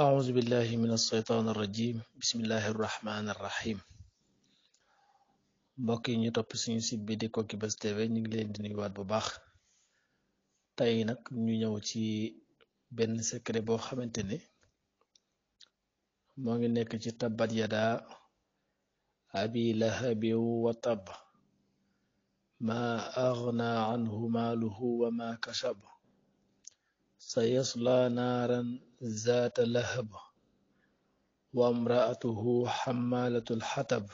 أعوذ بالله من الشيطان الرجيم بسم الله الرحمن الرحيم mbokk yi ñu topp suñu site bi di Coakibas TV ñu ngi leen di nuyuwaat bu baax tey nag ñu ñëw ci benn secret boo xamante ne moo ngi nekk ci tabbat yada abi lahabi wa ma agna anhu maaluhu wa kasab سيصلى نارا ذات لهب وامرأته حمالة الحطب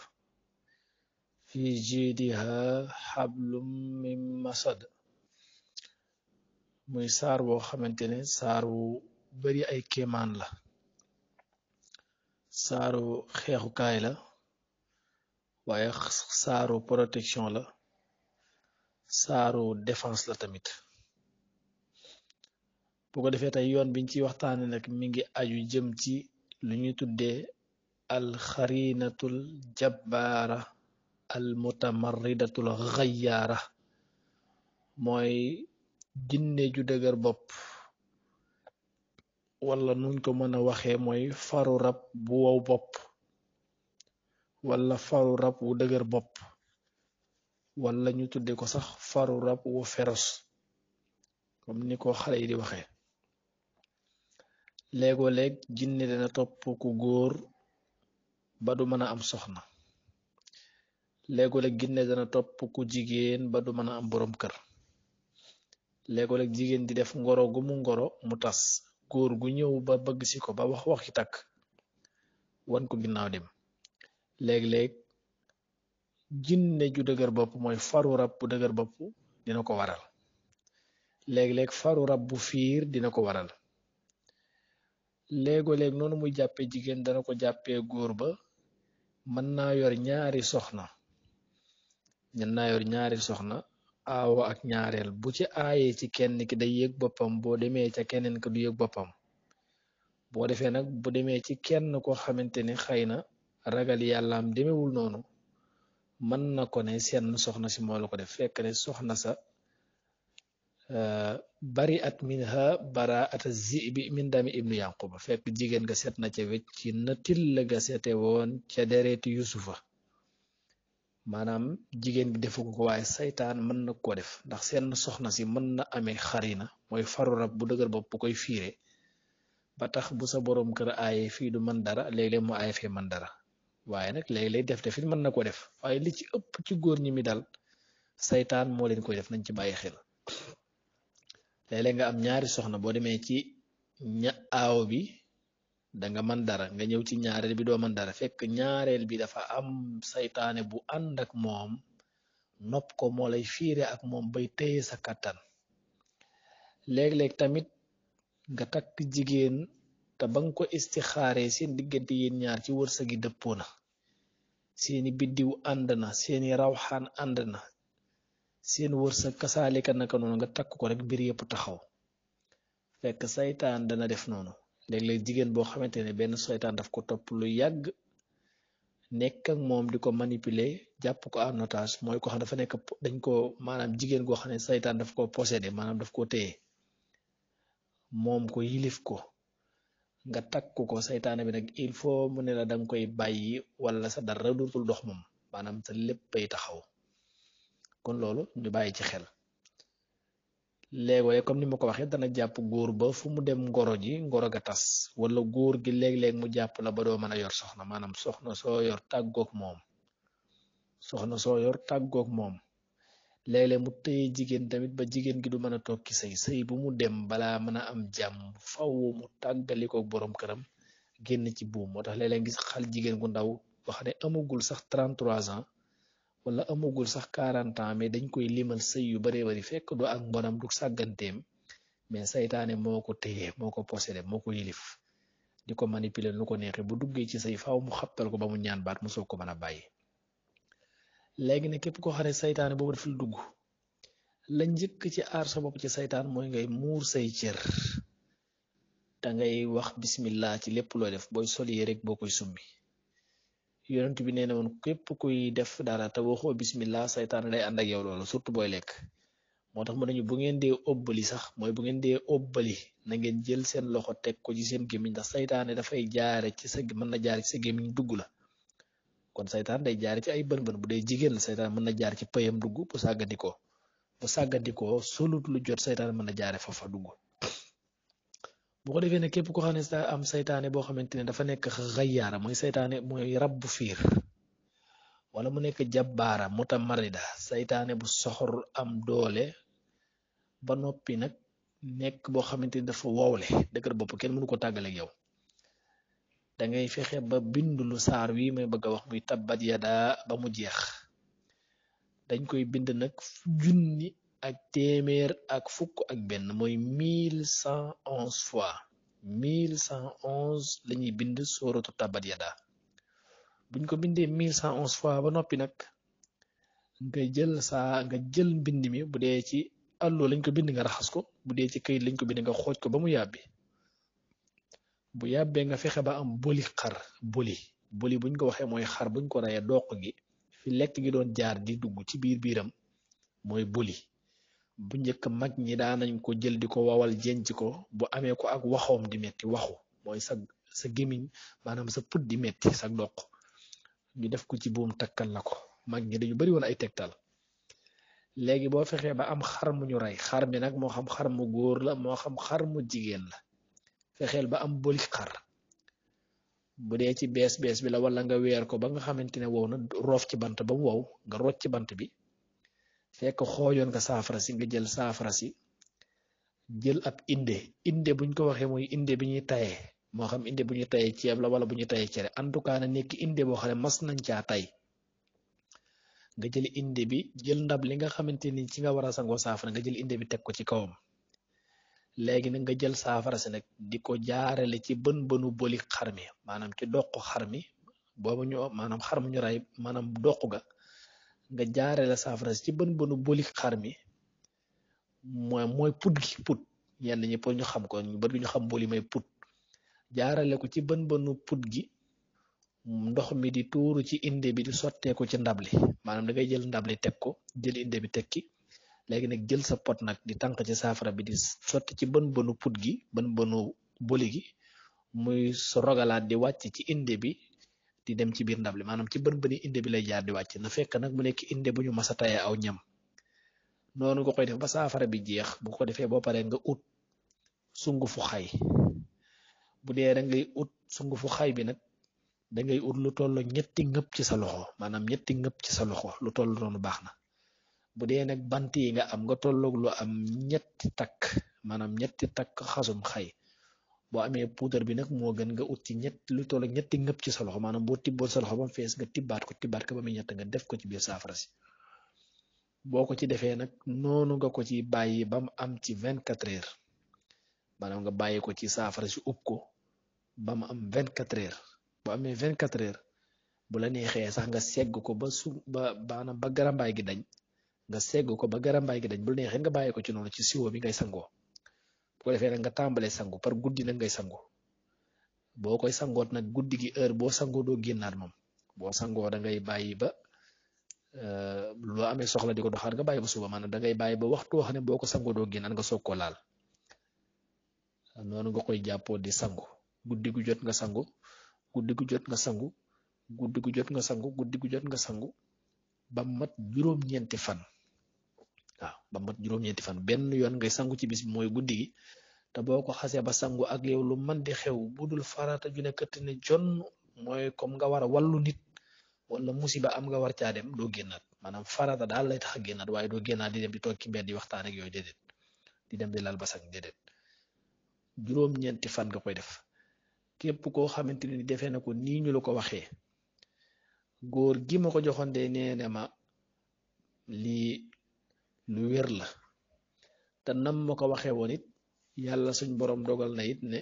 في جيدها حبل من مسد muy saar woo xamante ne saar wu bari ay kéemaan la saaru xeexukaay la waaye saaru protection la saaru défense la tamit bu ko defé tay yoon biñ ci waxtaane nak mi ngi aju jëm ci lu ñu kharinatul jabbara al mutamarridatul ghayyara moy jinne ju dëgër bop wala nuñ ko mëna waxé moy faru rab bu waw bop wala faru rab wu dëgër bop wala ñu tuddé ko sax faru rab wu feros comme ni ko yi di waxé léego léeg jinne dana topp ku góor ba du mën a am soxna léego léeg jinne dana topp ku jigéen ba du mën a am boroom kër léego léeg jigéen di def ngoro gu ngoro mu tas góor gu ñëw ba bëgg si ko ba wax waxi takk wan ko ginnaaw dem léeg-léeg jinne ju dëgër bopp mooy faru rab bu dëgër bopp dina ko waral léeg-léeg faru rab bu fiir dina ko waral léegoo-léeg noonu mu jàppee jigéen dana ko jàppee góor ba mën naa yor ñaari soxna mën naa yor ñaari soxna aawo ak ñaareel bu ci aaye ci kenn ki day yëg boppam boo demee ca keneen ki du yëg boppam boo defee nag bu demee ci kenn koo xamante ni xëy na ragal yàllaam demewul noonu mën na ko ne seen soxna si moo la ko def fekk ne soxna sa bari at minha bara ata zibi min dami ibnu yanquba fekk jigéen nga seet na ca wecc ci na till ga seete woon ca dereeti yusufa maanaam jigéen bi defu ko waaye saytaan mën na koo def ndax seen soxna si mën na amee xarina mooy faru rab bu dëgër bopp bu koy fiire ba tax bu sa boroom kër aaye fii du mën dara léeg-léeg mu aaye fee mën dara waaye nag léeg-léeg def defit mën na ko def waaye li ci ëpp ci góor ñi mi dal saytaan moo leen koy def nañ ci bàyyi xel lele nga am ñaari soxna bo demé ci ña aaw bi da nga man dara nga ñew ci ñaarel bi do man dara fekk ñaarel bi dafa am saytane bu andak ak moom nopp ko mo lay firé ak mom bay téy sa katan léeg-léeg tamit nga tak jigen ta bang ko istixaaree seen digënté yeen ñaar ci wërsëgi dëppoo seeni biddiw andana seeni seen wërsëg kasaalika naka noonu nga takk ko rek biir yëpp taxaw fekk saytaan dana def noonu léeg-léeg jigéen boo xamante ne benn saytaan daf ko topp lu yàgg nekk moom di ko manipuler jàpp ko en otage mooy ko xam dafa nekk dañ ko maanaam jigéen goo xam ne saytaan daf ko possédé maanaam daf ko téye moom ko yilif ko nga takk ko saytaane bi nag il faut mu ne la danga koy bàyyi wala sa dara dootul dox moom maanaam sa léppay taxaw kon loolu ñu bàyyi ci xel léeg-léeg comme ni ma ko waxee dana jàpp góor ba fu mu dem ngoro ji ngoro ga tas wala góor gi léeg-léeg mu jàpp la ba doo mën a yor soxna maanaam soxna soo yor tàggoog moom soxna soo yor tàggoog moom léeg mu tëye jigéen tamit ba jigéen gi du mën a toog ci sëy sëy bu mu dem balaa mën a am jàmm faw mu tàggalikoog boroom këram génn ci buum moo tax léeg-léeg xal jigéen gu ndaw wax ne amagul sax 33 ans wala amagul sax quarante ans mais dañ koy limal sëy yu baree bari fekk du ak mbonam du sàgganteem mais saytaane moo ko téye moo ko possédé moo ko yilif di ko manipuler nu ko neexee bu duggee ci say faaw mu xappal ko ba mu ñaan baat mu soog ko mën a bàyyi léegi ne képp ko xam ne saytaane boobu dafa dugg la njëkk ci aar sa bopp ci saytaan mooy ngay muur say cër da ngay wax bismillah ci lépp loo def booy sol rek boo koy summi yonent bi neena won kep kuy def dara ta waxo bismillah shaytan day and ak yow lolu surtout boy lek motax mo mu nañu bu ngeen de óbbali sax moy bu ngeen de óbbali na ngeen jël sen loxo tek ko ci gemiñ da ndax da fay jaar ci sa mën na jaar ci sa gemiñ duggu la kon shaytan day jaar ci ay bën bën bu day jigen la saytaan mën na jaar ci payam duggu bu sagandiko bu sagandiko solut lu jot shaytan mën na jaare fa fa bu ko defee ne képp ko xam ne sa am saytaane boo xamante ne dafa nekk xayyaara mooy seytaane mooy bu fiir wala mu nekk jabbaara da seytaane bu soxor am doole ba noppi nag nekk boo xamante ni dafa wowle dëgër bopp kenn mënu ko tàggaleeg yow dangay ngay fexe ba bind lu saar wi may bëgg a wax muy tabbat yada ba mu jeex dañ koy bind nag junni ak téeméer ak fukk ak benn mooy mille cent onze fois mille cent onze la ñuy bind sóoratu tabat yada buñ ko bindee mille cent onze fois ba noppi nag nga jël saa nga jël mbind mi bu dee ci àlloo lañ ko bind nga raxas ko bu dee ci këyit lañ ko bind nga xooj ko ba mu yàbbi bu yàbbee nga fexe ba am boli xar boli boli buñ ko waxee mooy xar buñ ko rayee doq gi fi lekk gi doon jaar di dugg ci biir biiram mooy boli bu njëkk mag ñi daanañ ko jël di ko wawal jenc ko bu amee ko ak waxoom di metti waxu mooy sa sa gémmiñ maanaam sa put di metti sa doq ñu def ko ci buum takkal la ko mag ñi dañu bari ay tegtal léegi boo fexee ba am xar mu ñu rey xar mi nag moo xam xar mu góor la moo xam xar mu jigéen la fexeel ba am boli xar bu dee ci bees bees bi la wala nga weer ko ba nga xamante ne wow na roof ci bant ba wow nga rocc ci bant bi fekk xoojoon nga saafara si nga jël saafara si jël ab inde inde buñ ko waxee mooy inde bi ñuy tayee moo xam inde bu ñuy tayee ceeb la wala bu ñuy tayee cere en tout cas na nekk inde boo xam ne mas nañ caa tay nga jël inde bi jël ndab li nga xamante ni ci nga war a sangoo saafara nga jël inde bi teg ko ci kawam léegi nag nga jël saafara si nag di ko jaarale ci bën bënu boli xar mi maanaam ci doq xar mi boobu ñu maanaam xar mu ñu rey maanaam doq ga nga jaare la saafara ci bën bënu boli xar mi mooy mooy put gi put yenn ñi pour ñu xam ko ñu bëri ñu xam boli may put jaarale ko ci bën bënu put gi ndox mi di tuuru ci inde bi di sotteeku ci ndab li maanaam da ngay jël ndab li teg ko jël inde bi teg ki léegi nag jël sa pot nag di tànk ci saafara bi di sotti ci bën bënu put gi bën bënu boli gi muy rogalaat di wàcc ci inde bi di dem ci biir ndab li maanaam ci bën bëni inde bi lay jaar di wàcc na fekk nag mu nekk inde bu ñu mas a tayee aw ñam noonu nga koy def ba saafara bi jeex bu ko defee boo paree nga ut sungufu xay bu dee da ngay ut sungufu xay bi nag dangay ut lu toll ñetti ngëp ci sa loxo maanaam ñetti ngëp ci sa loxo lu toll noonu baax na bu dee nag bant yi nga am nga tolloog lu am ñetti takk maanaam ñetti takk xasum xay boo amee puudar bi nag moo gën nga ut ci ñett lu toll ak ñetti ngëpp ci sa loxo maanaam boo tibboon sa loxo ba mu fees nga tibbaat ko tibbaat ko ba muy ñett nga def ko ci biir saafara si ko ci defee nag noonu nga ko ci bàyyi ba mu am ci vingt quatre heures maanaam nga bàyyi ko ci saafara si ub ko ba mu am vingt quatre heures boo amee vingt quatre heures bu la neexee sax nga segg ko ba su ba baanaam ba garambaay gi dañ nga segg ko ba garambaay gi dañ bu la neexee nga bàyyi ko ci noonu ci siwo bi ngay sangoo ko defé nak nga tambalé sangu par goudi nak ngay sangu bokoy sangot nak goudi gi heure bo sangu do génnaat mom bo sangu da ngay bayyi ba euh, loo amé soxla di doxar nga bayyi ba suba man da ngay bayyi ba waxtu wax ne boo ko sangoo doo nga soog koo laal noonu nga koy jappo di sangu goudi gu jot nga sangu goudi gu jot nga sangu goudi gu jot nga sangu goudi gu jot nga sangu ba mat juróom ñenti fan waaw ba mat juróom-ñeenti fan benn yoon ngay sangu ci bis mooy guddi gi te boo ko xasee ba sangu ak yow lu man di xew bu dul farata ju ne këtt ne jon mooy comme nga war a wallu nit wala musiba am nga war caa dem doo génnaat maanaam farata daal lay tax a génnaat waaye doo génnaat di dem di toog ci mbedd di waxtaan ak yooyu déedéet dem di lal basak déedéet juróom-ñeenti fan nga koy def képp koo xamante ni defee na ko nii ñu la ko waxee góor gi ma ko joxoon de nee ma lii lu wer la te nam mako waxe waxee suñ borom dogal na it ne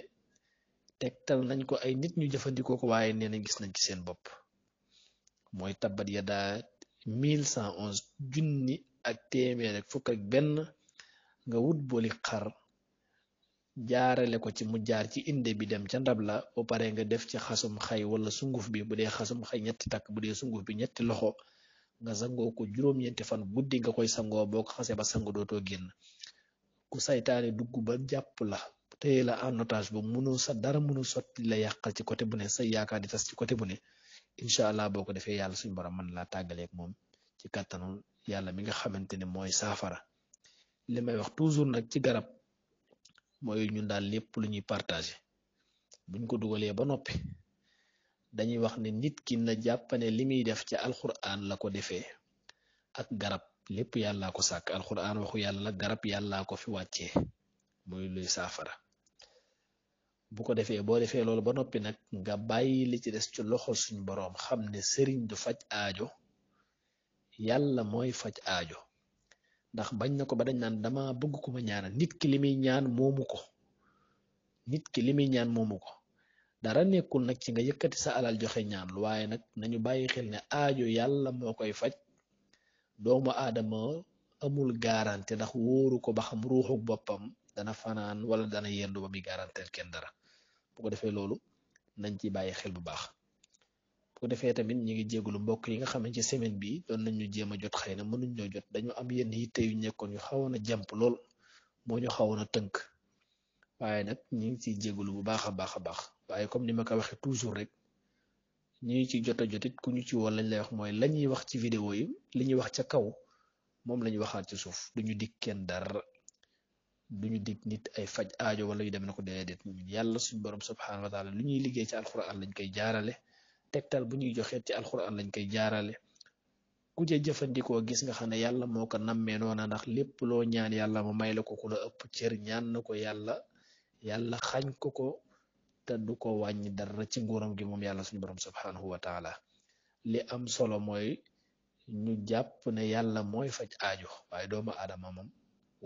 tektal nañ ko ay nit ñu jëfëndiko ko waye nee na gis nañ ci seen bop moy tabbat yadaa 1111 junni ak téeméer ak fukk ak ben nga wut boli xar jaarale ko ci mu jaar ci inde bi dem ca ndab la ba pare nga def ci xasum xay wala sunguf bi bu dee xasum xay ñetti tak bu sunguf bi ñetti loxo nga sangoo ko juróom-ñeenti fan guddi nga koy sangoo boo ko xasee ba sangu dootoo génn ku saytaane dugg ba jàpp la téye la en otage ba mënoo sa dara mënul sotti la yàqal ci côté bu ne sa yaakaar di tas ci côté bu ne incha allah boo ko defee yàlla suñu borom mën laa tàggaleeg moom ci kàttanul yàlla mi nga xamante ne mooy saafara li may wax toujours nag ci garab mooy ñun daal lépp lu ñuy partagé buñ ko dugalee ba noppi dañuy wax ne nit ki na jàppane li muy def ci alquran la ko defee ak garab lépp yàllaa ko sàkk alquran waxu yàlla garab yàllaa ko fi wàccee muy luy saafara bu ko defee boo defee loolu ba noppi nag nga bàyyi li ci des ci loxo suñ boroom xam ne sëriñ du faj aajo yàlla mooy faj aajo ndax bañ na ko ba dañ naan dama bëgg ku ma ñaanal nit ki li muy ñaan moomu ko nit ki li ñaan moomu dara nekkul nag ci nga yëkkati sa alal joxe ñaan waaye nag nañu bàyyi xel ne aajo yàlla moo koy faj doomu aadama amul garanti ndax wóoru ko ba xam ruuxu boppam dana fanaan wala dana yendu ba muy garanteel kenn dara bu ko defee loolu nañ ci bàyyi xel bu baax bu ko defee tamit ñu ngi jégalu mbokk yi nga xam ne ci semaine bi doon nañ ñu jéem a jot xëy na mënuñ ñoo jot dañu am yenn yitte yu nekkoon yu xawoon a jàmp lool moo ñu xawoon a tënk waaye nag ñu ngi ciy jégalu bu baax a baax a baax waaye comme ni ma ko waxee toujours rek ñi ci jot jotit ku ñu ci woon lañ lay wax mooy la wax ci vidéo yi li ñuy wax ca kaw moom la waxaat ci suuf duñu dig kenn dara duñu dig nit ay faj aajo wala yi dem na ko déedéet yàlla suñ borom subhanahu wa taala lu ñuy liggéey ci alxuraan lañ koy jaarale tegtal bu ñuy joxe ci alxuraan lañ koy jaarale ku ca jëfandikoo gis nga xam ne yàlla moo ko nammee noona ndax lépp loo ñaan yàlla mu may la ko ku la ëpp cër ñaan na ko yàlla yàlla xañ ko ko te du ko wàññi dara ci nguuram gi moom yàlla suñu borom subhanahu wa taala li am solo mooy ñu jàpp ne yàlla mooy faj aajo waaye doomu aadama moom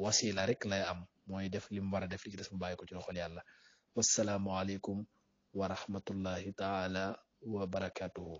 wasila rek lay am mooy def li mu war a def li ci des ko ci loxol yàlla wassalaamu aleykum wa taala wa barakatuhu